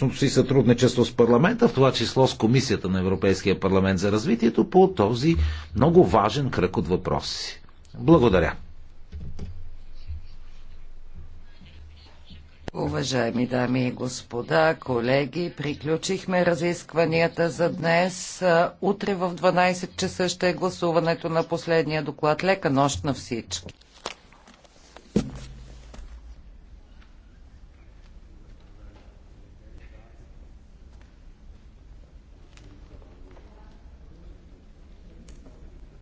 по си сътрудничество с парламента, в това число с Комисията на Европейския парламент за развитието по този много важен кръг от въпроси. Благодаря. Уважаеми дами и господа, колеги, приключихме разискванията за днес. Утре в 12 часа ще е гласуването на последния доклад. Лека нощ на всички!